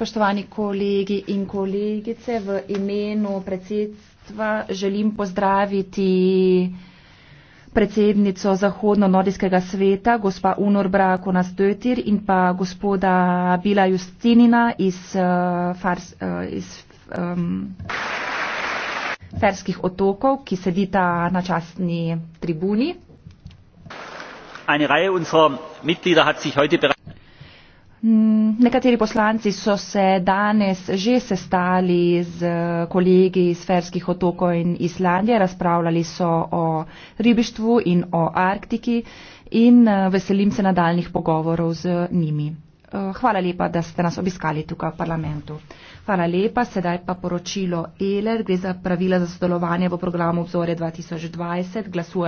Spoštovani kolegi in kolegice, v imenu predsedstva želim pozdraviti predsednico Zahodno-Nordijskega sveta, gospa Unor Brakona Stötir in pa gospoda Bila Justinina iz, uh, Fars, uh, iz um, Ferskih otokov, ki sedita na častni tribuni. Eine Reihe unserer Mitglieder hat sich heute bereits. Mm, nekateri poslanci so se danes že sestali z eh, kolegi iz Ferskih otokov in Islandije, razpravljali so o ribištvu in o Arktiki in eh, veselim se nadaljnih pogovorov z njimi. Eh, hvala lepa, da ste nas obiskali tukaj v parlamentu. Hvala lepa, sedaj pa poročilo ELER, gre za pravila za sodelovanje v programu obzore 2020, glasujem.